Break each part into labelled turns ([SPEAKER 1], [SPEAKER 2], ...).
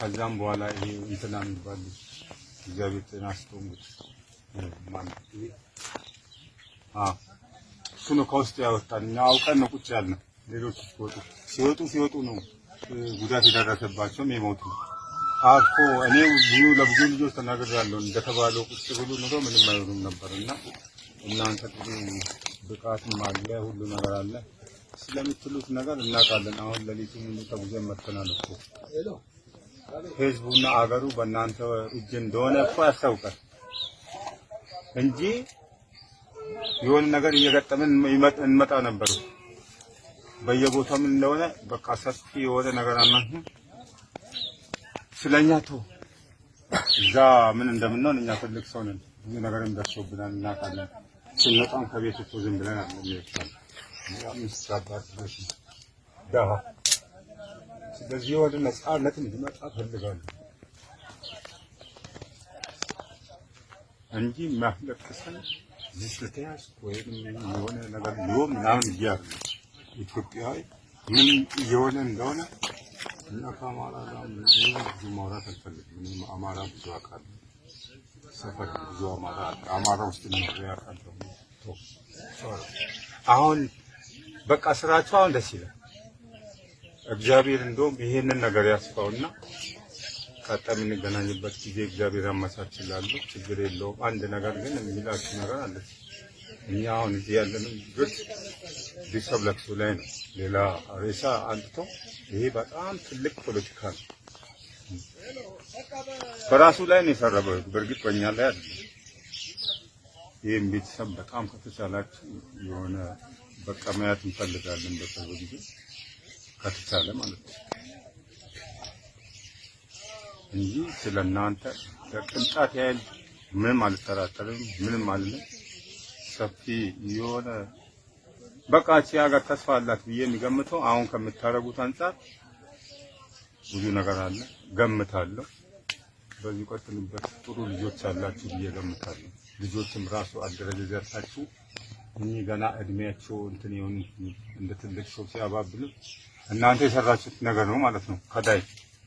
[SPEAKER 1] ከዛም በኋላ ይሄ እንትና የሚባል እግዚአብሔር ጤና ስቶንግ ማለት አዎ፣ እሱ ነው ከውስጥ ያወጣን። እኛ አውቀን ነው ቁጭ ያልነው። ሌሎች ሲወጡ ሲወጡ ሲወጡ ነው ጉዳት የደረሰባቸውም የሞቱ አፎ እኔ ብዙ ለብዙ ልጆች ተናግሬያለሁ። እንደተባለው ቁጭ ብሉ ኑሮ ምንም አይሆኑም ነበርና እናንተ ብዙ ብቃትም አለ ሁሉ ነገር አለ ስለምትሉት ነገር እናውቃለን። አሁን ለሊቱ ምን ተጉዘን መጥተናል እኮ ህዝቡና አገሩ በእናንተ እጅ እንደሆነ እኮ ያስታውቃል እንጂ የሆነ ነገር እየገጠምን እንመጣ ነበር። በየቦታው ምን እንደሆነ በቃ ሰፊ የሆነ ነገር አናንተ ስለኛ ቶ እዛ ምን እንደምንሆን እኛ ትልቅ ሰው ነን። ብዙ ነገርም ደርሶብናል፣ እናውቃለን። ስንመጣም ከቤት እኮ ዝም ብለን አለ ሚያቻል ሚስባባት ደሃ ስለዚህ ወደ ነጻነት እንዲመጣ ፈልጋለሁ እንጂ ማለቅሰን እዚህ ወይም የሆነ ነገር ሊሆ ምናምን እያሉ ኢትዮጵያዊ ምን እየሆነ እንደሆነ እና ከአማራ ጋር ብዙ ማውራት አልፈልግም። እኔም አማራ ብዙ አውቃለሁ፣ ሰፈር ብዙ አማራ አማራ ውስጥ ኖሬ አውቃለሁ። አሁን በቃ ስራቸው አሁን ደስ ይላል። እግዚአብሔር እንደውም ይሄንን ነገር ያስፋውና ቀጣይ የምንገናኝበት ጊዜ እግዚአብሔር ያመቻችላለሁ። ችግር የለውም። አንድ ነገር ግን የሚላችሁ ነገር አለ። እኛ አሁን እዚህ ያለንም ግድ ቢሰብ ለቅሶ ላይ ነው። ሌላ ሬሳ አንጥቶ ይሄ በጣም ትልቅ ፖለቲካ ነው። በራሱ ላይ ነው የሰረበው። በእርግጥ በእኛ ላይ አለ። ይህም ቤተሰብ በጣም ከተቻላችሁ የሆነ በቀመያት እንፈልጋለን በሰው ጊዜ ከተቻለ ማለት ነው እንጂ ስለ እናንተ ለቅንጣት ያህል ምንም አልጠራጠርም። ምንም አልልም። ሰፊ የሆነ በቃ ቺ ሀገር ተስፋ አላት ብዬ የሚገምተው አሁን ከምታደርጉት አንጻር ብዙ ነገር አለ ገምታለሁ። በዚህ ቀጥሉበት። ጥሩ ልጆች አላችሁ ብዬ ገምታለሁ። ልጆችም ራሱ ዘርታችሁ እኚህ ገና እድሜያቸው እንትን ይሁን እንደ ትልቅ ሰው ሲያባብሉ እናንተ የሰራችሁት ነገር ነው ማለት ነው። ከላይ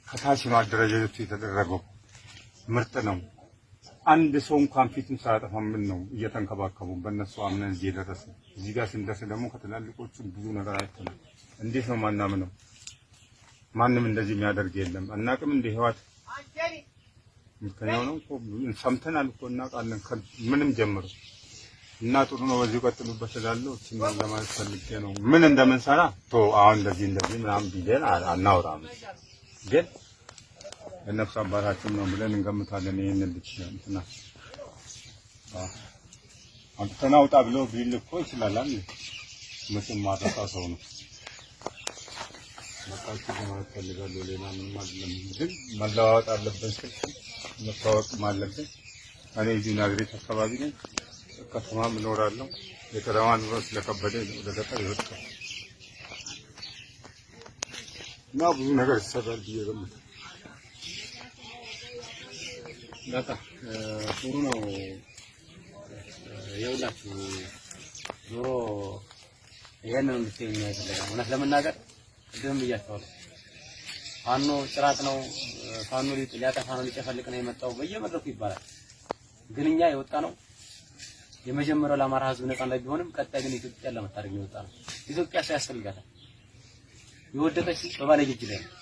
[SPEAKER 1] ከታች ማደረጃጀቱ የተደረገው ምርጥ ነው። አንድ ሰው እንኳን ፊትም ሳያጠፋ ምን ነው እየተንከባከቡ በእነሱ አምነን እዚህ የደረሰ እዚህ ጋር ስንደርስ ደግሞ ከትላልቆቹ ብዙ ነገር አይተናል። እንዴት ነው ማናምነው? ማንም እንደዚህ የሚያደርግ የለም። አናቅም እንደ ህዋት ምክንያው ነው ሰምተናል እኮ እናውቃለን። ምንም ጀምሮ እና ጥሩ ነው። በዚህ ቀጥሉበት እላለሁ። እቺን ለማለት ፈልጌ ነው። ምን እንደምንሰራ ቶ አሁን እንደዚህ እንደዚህ ምናምን ቢለን አናወራም፣ ግን ለነፍስ አባታችን ነው ብለን እንገምታለን። ይሄን ልጅ እንትና አንተና ውጣ ብሎ ቢል እኮ ይችላል አይደል? መቼም ማጣጣ ሰው ነው። መጣች ማለት ፈልጋለሁ። ሌላ ምንም አይደለም፣ ግን መለዋወጥ አለብን፣ ስልክ መታወቅም አለብን። እኔ እዚህ ናዝሬት አካባቢ ነኝ። ከተማም እኖራለሁ። የከተማ ኑሮ ስለከበደ ወደ ገጠር ይወጥቃል እና ብዙ ነገር ይሰራል ብዬ ገምት ዳጣ ጥሩ ነው። የሁላችሁ ኑሮ ይሄንን እንድትይ የሚያደርገው እውነት ለመናገር ቅድም ብያቸዋለሁ። ፋኖ ጭራት ነው፣ ፋኖ ሊያጠፋ ነው፣ ሊጨፈልቅ ነው የመጣው በየመድረኩ ይባላል። ግን እኛ የወጣ ነው የመጀመሪያው ለአማራ ህዝብ ነፃነት ቢሆንም ቀጣይ ግን ኢትዮጵያን ለመታደግ የወጣ ነው። ኢትዮጵያ ሰው ያስፈልጋታል። የወደቀች በባለጌ እጅ ላይ ነው።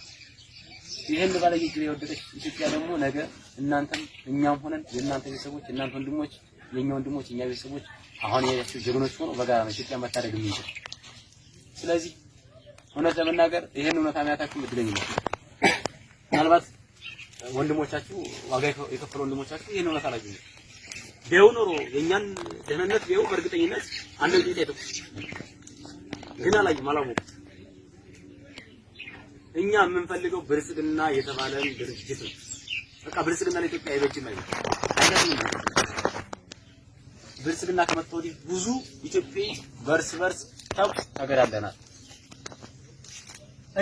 [SPEAKER 1] ይህን ባለጌ እጅ ላይ የወደቀች ኢትዮጵያ ደግሞ ነገ እናንተም እኛም ሆነን የእናንተ ቤተሰቦች እናንተ ወንድሞች የኛ ወንድሞች የኛ ቤተሰቦች አሁን ያያቸው ጀግኖች ሆኖ በጋራ ነው ኢትዮጵያ መታደግ የምንችል። ስለዚህ እውነት ለመናገር ይሄን እውነታ የሚያታችሁ እድለኝነት ነው። ምናልባት ወንድሞቻችሁ ዋጋ የከፈሉ ወንድሞቻችሁ ይህን እውነታ አላገኙም። ቢያዩ ኖሮ የእኛን ደህንነት ቢያዩ በእርግጠኝነት አንድ ልጅ ይተኩ ግን አላየም አላወቁም። እኛ የምንፈልገው ብልጽግና የተባለን ድርጅት ነው። በቃ ብልጽግና ለኢትዮጵያ አይበጅም ማለት አይደለም። ብልጽግና ከመጣ ወዲህ ብዙ ኢትዮጵያዊ በርስ በርስ ተኩስ ተገዳለናል።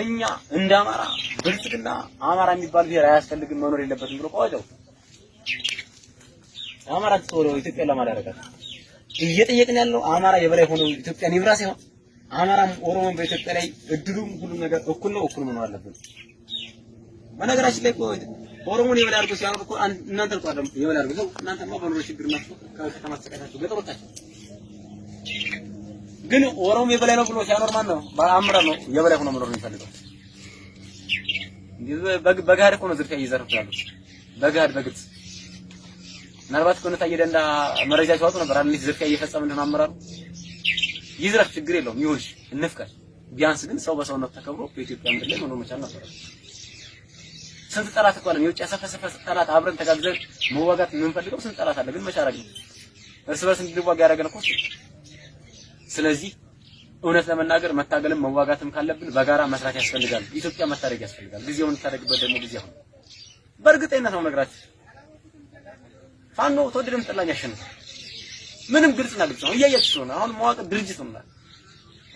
[SPEAKER 1] እኛ እንደ አማራ ብልጽግና አማራ የሚባል ብሔር አያስፈልግም መኖር የለበትም ብሎ ቆጆ አማራ ተወሮ ኢትዮጵያ ለማዳረጋት እየጠየቅን ያለው አማራ የበላይ ሆኖ ኢትዮጵያ ይብራ ሲሆን አማራም ኦሮሞም በኢትዮጵያ ላይ እድሉም ሁሉም ነገር እኩል ነው፣ እኩል መኖር አለብን። በነገራችን ላይ ኦሮሞን የበላይ አድርጎ ሲያኖር እኮ እናንተ ልቋደም የበላይ አድርጎ ሰው እናንተማ በኑሮ ችግር ናችሁ፣ ከከተማ ተሰቃያችሁ፣ ገጠር ወጣችሁ። ግን ኦሮሞ የበላይ ነው ብሎ ሲያኖር ማን ነው? በአምራ ነው የበላይ ሆኖ መኖር የሚፈልገው። በጋድ እኮ ነው ዝርፊያ እየዘረፉ ያሉት በጋድ በግልጽ ምናልባት ከሆነ ታየ ደንዳ መረጃ ሲዋጡ ነበር አንዲት ዝርፊያ እየፈጸመ እንደሆነ አመራሩ ይዝረፍ፣ ችግር የለውም ይሁን፣ እንፍቀር። ቢያንስ ግን ሰው በሰውነት ተከብሮ በኢትዮጵያ ምድር ላይ መኖር መቻል ነበር። ስንት ጠላት እኮ አለን፣ የውጭ ያሰፈሰፈ ጠላት። አብረን ተጋግዘን መዋጋት የምንፈልገው ስንት ጠላት አለ፣ ግን መቻራግ ነው እርስ በርስ እንድንዋጋ ያደረገን እኮ። ስለዚህ እውነት ለመናገር መታገልም መዋጋትም ካለብን በጋራ መስራት ያስፈልጋል። ኢትዮጵያ መታደግ ያስፈልጋል። ጊዜውን ታደግበት ደግሞ ጊዜ አሁን በእርግጠኝነት ነው ነግራችሁ ፋኖ ተወደደም ጠላም ያሸንፋል። ምንም ግልጽና ግልጽ ነው። እያያችሁ ስለሆነ አሁን መዋቅር ድርጅት ነው ማለት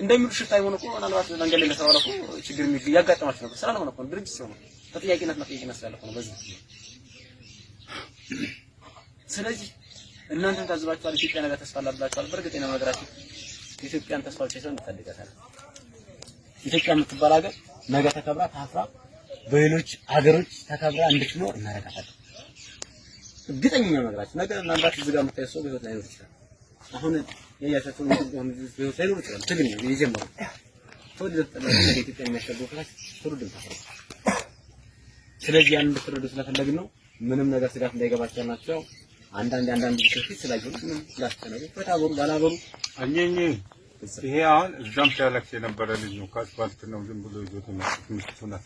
[SPEAKER 1] እንደሚሉ ሽፍታ የሆነ እኮ ምናልባት መንገድ ላይ ለሰራ እኮ ችግር ያጋጠማችሁ ነበር። ስላልሆነ እኮ ድርጅት ስለሆነ ተጠያቂነት መጠየቅነት ስላለ እኮ ነው በዚህ ስለዚህ እናንተም ታዝባችኋል። ኢትዮጵያ ነገር ተስፋ አላብላችኋል። በእርግጠኛ ነው ነገራችሁ። ኢትዮጵያን ተስፋ ብቻ ሳይሆን እንፈልጋታለን። ኢትዮጵያ የምትባል ሀገር ነገ ተከብራ ታፍራ በሌሎች ሀገሮች ተከብራ እንድትኖር እናረጋታለን። እርግጠኛ ነግራችሁ ነገር ምናልባት እዚህ ጋር የምታየው ሰው በህይወት ላይኖር ይችላል። አሁን የያሻቸው ነው በህይወት ላይኖር ይችላል። ትግል ነው የጀመረው ትውልድ ተጠላችሁ የሚያሸገው ክላስ ትውልድ ስለዚህ ያን እንድትረዱ ስለፈለግን ነው። ምንም ነገር ስጋት እንዳይገባቸው ናቸው። አንዳንድ አንዳንድ ቢሾች ስላየሁ ምንም ስላስተነሩ በታበሩ ባላበሩ አኘኝ ይሄ አሁን እዛም ሲያለቅስ የነበረ ልጅ ነው። ከአስፋልት ነው ዝም ብሎ ይዞት ነው።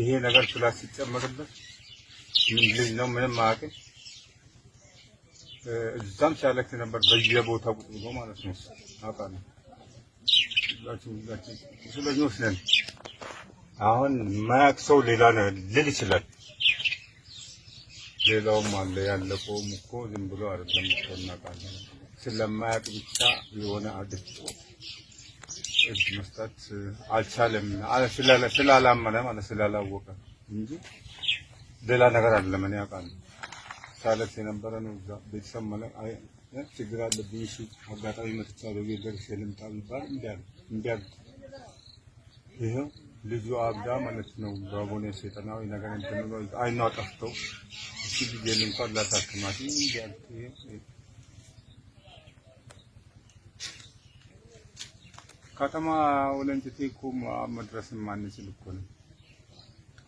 [SPEAKER 1] ይሄ ነገር ክላስ ሲጨመርበት ምንድን ነው ምንም አያውቅም። እዛም ሲያለቅስ ነበር በየቦታው ቁጭ ብሎ ማለት ነው። አውቃለሁ ስለኞች ነን። አሁን የማያውቅ ሰው ሌላ ልል ይችላል። ሌላውም አለ ያለቀውም እኮ ዝም ብሎ አይደለም እኮ እናውቃለን። ስለማያውቅ ብቻ የሆነ አድርጎ እጅ መስጠት አልቻለም ስላላመነ ማለት ስላላወቀ እንጂ ሌላ ነገር አይደለም። እኔ አውቃለሁ ሳለቅስ የነበረ ነው። እዛ ቤተሰብ ችግር አለብኝ እሺ አጋጣሚ መጥቻለሁ ደርሼ ልምጣ ቢባል እምቢ አለ። ይሄው ልጁ አብዳ ማለት ነው ባቦኔ ሴጠናዊ ነገር እንትን አይኗ ጠፍቶ እሺ ልጄን እንኳን ላሳክማት እምቢ ከተማ ወለንጭቴ እኮ መድረስም አንችል እኮ ነው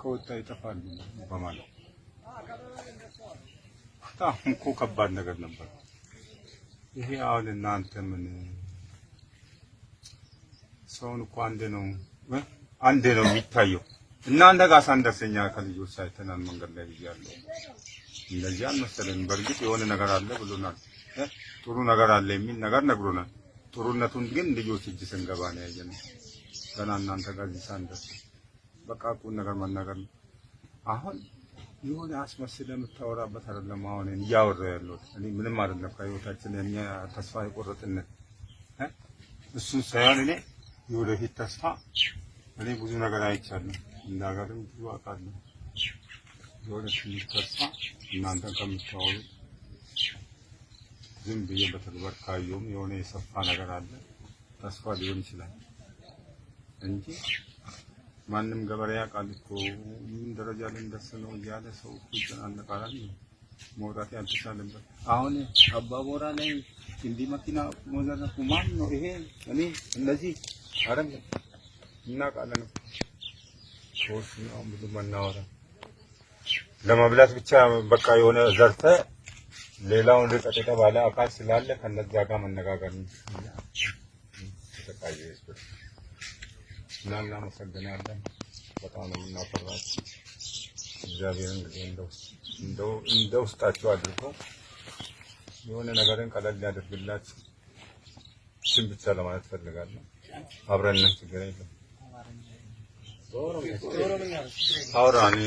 [SPEAKER 1] ከወጣ ይጠፋሉ በማለት በጣም እኮ ከባድ ነገር ነበር። ይሄ አሁን እናንተ ምን ሰውን እኮ አንድ ነው አንድ ነው የሚታየው። እናንተ ጋር ሳንደርሰኛ ከልጆች ሳይተናል መንገድ ላይ ብያለሁ። እንደዚህ አልመሰለንም። በእርግጥ የሆነ ነገር አለ ብሎናል። ጥሩ ነገር አለ የሚል ነገር ነግሮናል። ጥሩነቱን ግን ልጆች እጅ ስንገባ ነው ያየነው። ገና እናንተ ጋር እዚህ ሳንደርስ በቃ ቁም ነገር መናገር ነው። አሁን የሆነ አስመስል የምታወራበት አይደለም። አሁን እያወራ ያለሁት እኔ ምንም አይደለም። ከህይወታችን የኛ ተስፋ የቆረጥነት እሱን ሳይሆን እኔ የወደፊት ተስፋ እኔ ብዙ ነገር አይቻለሁ፣ እንደ ሀገርም ብዙ አውቃለሁ። የሆነ ተስፋ እናንተ ከምታወሩት ዝም ብዬ በተግባር ካየሁም የሆነ የሰፋ ነገር አለ ተስፋ ሊሆን ይችላል እንጂ ማንም ገበሬ ያውቃል እኮ ይህን ደረጃ ላይ ነው እያለ ሰው ይጨናነቃል። መውጣት ያልተቻለበት አሁን አባቦራ ላይ እንዲህ መኪና መዘረፉ ማን ነው ይሄ? እኔ እነዚህ አይደለም እናውቃለን። ሰዎች አሁን ብዙ መናወራ ለመብላት ብቻ በቃ የሆነ ዘርፈ ሌላውን ርቀት የተባለ አካል ስላለ ከነዚያ ጋር መነጋገር ነው። እና እናመሰግናለን። በጣም ነው የምናፈራችሁ። እግዚአብሔር እንግዲህ እንደው እንደው እንደ ውስጣችሁ አድርጎ የሆነ ነገርን ቀለል ያደርግላችሁ። ስም ብቻ ለማለት ፈልጋለሁ። አብረን ነን፣ ችግር የለም። አውራኒ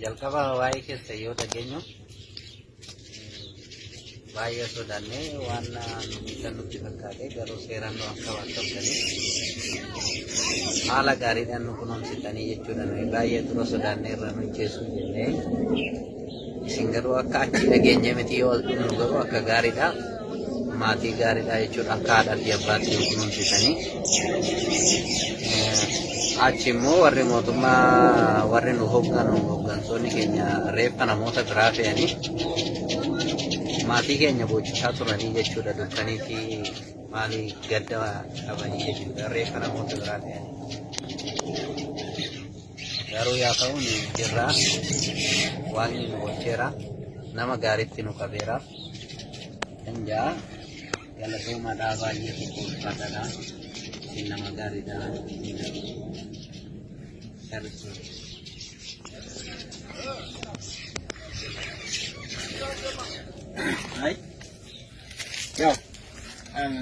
[SPEAKER 2] jalqaba ዋይ keessa yoo dhageenyu వాళ్ళ ಬಾಯಿಯದ್ದು ದಾನ್ನೇ ವಾರನ್ನ ಇದನ್ನು ಸಿಗಕ್ಕಾಗಿ ಗರು ಸೇರನ್ನು ಅಕ್ಕವಾಗ್ತದೆ ಹಾಲ ಗಾರಿದನ್ನು తని ಹೆಚ್ಚುದನ್ನು ಬಾಯಿಯದ್ದು ರಸದಾನ್ನೇ రన్ ಚೇಸುವುದಿಲ್ಲ సింగరు అక్క చిన్న ఏం చెమితి నువ్వు అక్క గారిద మాతి గారిద ఇచ్చుడు అక్క ఆడది అబ్బాయి తని ఆ చిమ్ము వర్రి మోతుమ్మ వర్రి నువ్వు హొగ్గాను హొగ్గాను సోనికి రేపన మూత గ్రాఫే అని mati ማቲገኘ ቦጭቻ turanii jechuudha dukkanii fi maalii gadda qabanii jechuudha reeffa namoota biraa eh. ta'ani. Garuu yaa ta'uun jirraa waan nu gocheera nama gaariitti nu qabeeraaf kan jaa galateemadhaa baay'ee tokkoon nama gaariidhaa. Thank you.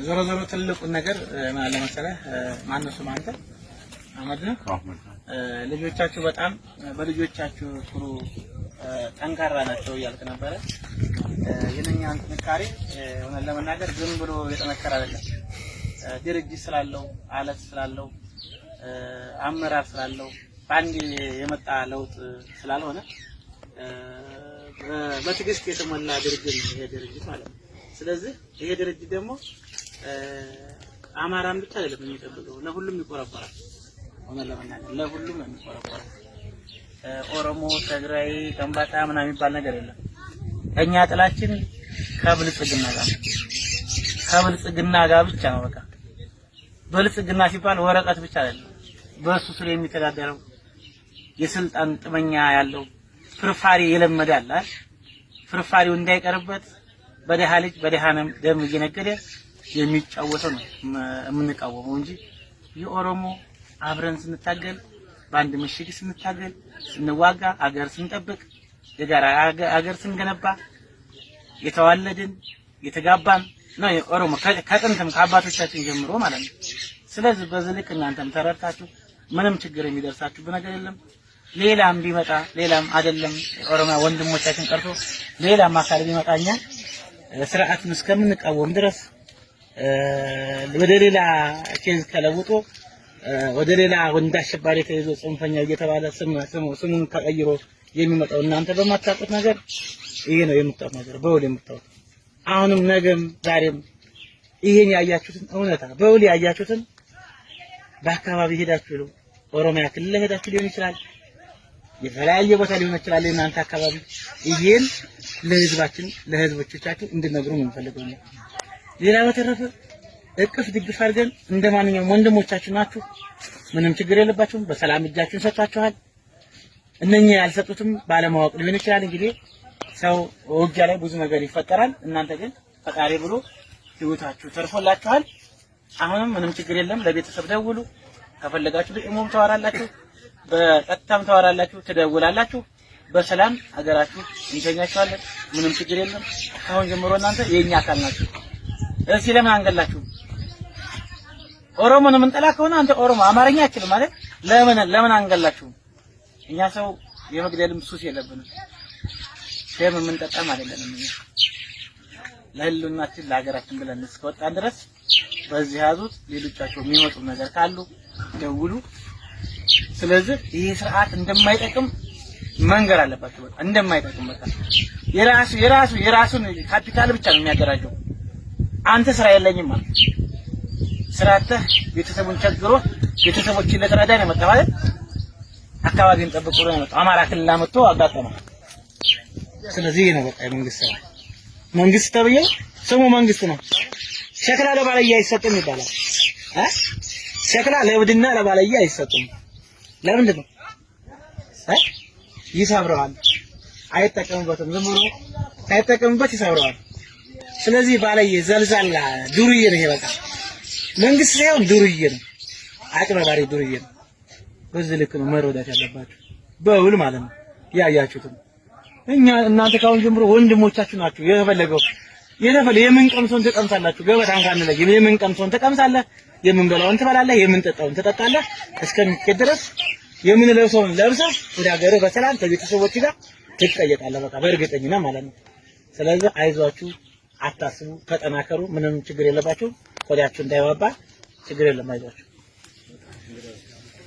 [SPEAKER 2] ዞሮ ዞሮ ትልቁን ነገር ለመሰለህ ማነው ስም አንተ ነው። ልጆቻችሁ በጣም በልጆቻችሁ ጥሩ ጠንካራ ናቸው እያልክ ነበረ። የእኛን ጥንካሬ እውነት ለመናገር ዝም ብሎ የጠነከረ አይደለም። ድርጅት ስላለው፣ አለት ስላለው፣ አመራር ስላለው በአንድ የመጣ ለውጥ ስላልሆነ በትዕግስት የተሞላ ድርጅት ይሄ ድርጅት ማለት ነው። ስለዚህ ይሄ ድርጅት ደግሞ አማራን ብቻ አይደለም የሚጠብቀው፣ ለሁሉም ይቆረቆራል። ሆነን ለመናገር ለሁሉም ነው ኦሮሞ፣ ትግራይ፣ ከምባታ ምናምን የሚባል ነገር የለም። እኛ ጥላችን ከብልጽግና ጋር ከብልጽግና ጋር ብቻ ነው። በቃ ብልጽግና ሲባል ወረቀት ብቻ አይደለም። በእሱ ስር የሚተዳደረው የስልጣን ጥመኛ ያለው ፍርፋሪ የለመደ አለ። ፍርፋሪው እንዳይቀርበት በደሃ ልጅ በደሃ ደም እየነገደ የሚጫወተው ነው የምንቃወመው እንጂ የኦሮሞ አብረን ስንታገል በአንድ ምሽግ ስንታገል ስንዋጋ አገር ስንጠብቅ የጋራ አገር ስንገነባ የተዋለድን የተጋባን ነው የኦሮሞ ከጥንትም ከአባቶቻችን ጀምሮ ማለት ነው። ስለዚህ በዚህ ልክ እናንተም ተረድታችሁ ምንም ችግር የሚደርሳችሁ ነገር የለም። ሌላም ቢመጣ ሌላም አይደለም ኦሮሚያ ወንድሞቻችን ቀርቶ ሌላም አካል ቢመጣ እኛ ስርዓቱን እስከምንቃወም ድረስ ወደ ሌላ ኬዝ ተለውጦ ወደ ሌላ ወንድ አሸባሪ ተይዞ ጽንፈኛ እየተባለ ስሙን ተቀይሮ የሚመጣው እናንተ በማታውቁት ነገር ይሄ ነው የምታውቁት ነገር በውል የምታውቁት አሁንም ነገም ዛሬም ይሄን ያያችሁትን እውነታ በውል ያያችሁትን በአካባቢ ሄዳችሁ ኦሮሚያ ክልል ሄዳችሁ ሊሆን ይችላል፣ የተለያየ ቦታ ሊሆን ይችላል። እናንተ አካባቢ ይሄን ለህዝባችን ለህዝቦቻችን እንድነግሩ ነው የምፈልገው። ሌላ በተረፈ እቅፍ ድግፍ አድርገን እንደ ማንኛውም ወንድሞቻችን ናችሁ። ምንም ችግር የለባችሁም። በሰላም እጃችሁን ሰጥቷችኋል። እነኛ ያልሰጡትም ባለማወቅ ሊሆን ይችላል። እንግዲህ ሰው ውጊያ ላይ ብዙ ነገር ይፈጠራል። እናንተ ግን ፈጣሪ ብሎ ህይወታችሁ ተርፎላችኋል። አሁንም ምንም ችግር የለም። ለቤተሰብ ደውሉ። ከፈለጋችሁ በኢሞም ተዋራላችሁ፣ በቀጥታም ተዋራላችሁ፣ ትደውላላችሁ። በሰላም ሀገራችሁ እንሸኛችኋለን። ምንም ችግር የለም። ከአሁን ጀምሮ እናንተ የኛ አካል ናችሁ። እስኪ ለምን አንገላችሁ? ኦሮሞን የምንጠላ ከሆነ አንተ ኦሮሞ አማርኛ አችልም ማለት ለምን ለምን አንገላችሁ? እኛ ሰው የመግደልም ሱስ የለብንም። ደም የምንጠጣም አይደለንም። ለህልውናችን ለሀገራችን ብለን እስከወጣን ድረስ በዚህ ያዙት። ሌሎቻቸው የሚመጡ ነገር ካሉ ደውሉ። ስለዚህ ይህ ስርዓት እንደማይጠቅም መንገር አለባቸው። በቃ እንደማይጠቅም በቃ የራሱ የራሱ የራሱን ካፒታል ብቻ ነው የሚያደራጀው። አንተ ስራ የለኝም ማለት ስራተህ ቤተሰቡን ቸግሮ ቤተሰቦችን ለተረዳ ነው የመጣው አይደል? አካባቢን ጠብቆ ነው የመጣው። አማራ ክልል መጥቶ አጋጠመው። ስለዚህ ነው በቃ መንግስት ነው መንግስት ተብዬው ስሙ መንግስት ነው። ሸክላ ለባለያ አይሰጥም ይባላል። አ ሸክላ ለብድና ለባለያ አይሰጥም። ለምንድን ነው አ ይሰብረዋል። አይጠቀምበትም። ዝም ብሎ ሳይጠቀምበት ይሰብረዋል። ስለዚህ ባለየ ዘልዛላ ዱርዬ ነው። ይበቃ መንግስት ሳይሆን ዱርዬ ነው፣ አጭበርባሪ ዱርዬ ነው። በዚህ ልክ ነው መረዳት ያለባችሁ በውል ማለት ነው። ያያችሁት እኛ እናንተ ካሁን ጀምሮ ወንድሞቻችሁ ናችሁ። የፈለገው የፈለ የምንቀምሰውን ተቀምሳላችሁ። ገበታን ካንለይ የምንቀምሰውን ተቀምሳለህ፣ የምንበላውን ትበላለህ፣ የምንጠጣውን ትጠጣለህ። እስከሚኬድ ድረስ የምንለብሰውን ለብሰህ ወደ ሀገርህ በሰላም ከቤተሰቦች ጋር ትቀየጣለህ። በቃ በእርግጠኝነት ማለት ነው። ስለዚህ አይዟችሁ። አታስቡ፣ ተጠናከሩ። ምንም ችግር የለባቸው ቆዳችሁ እንዳይባባ ችግር የለም። አይዟችሁ።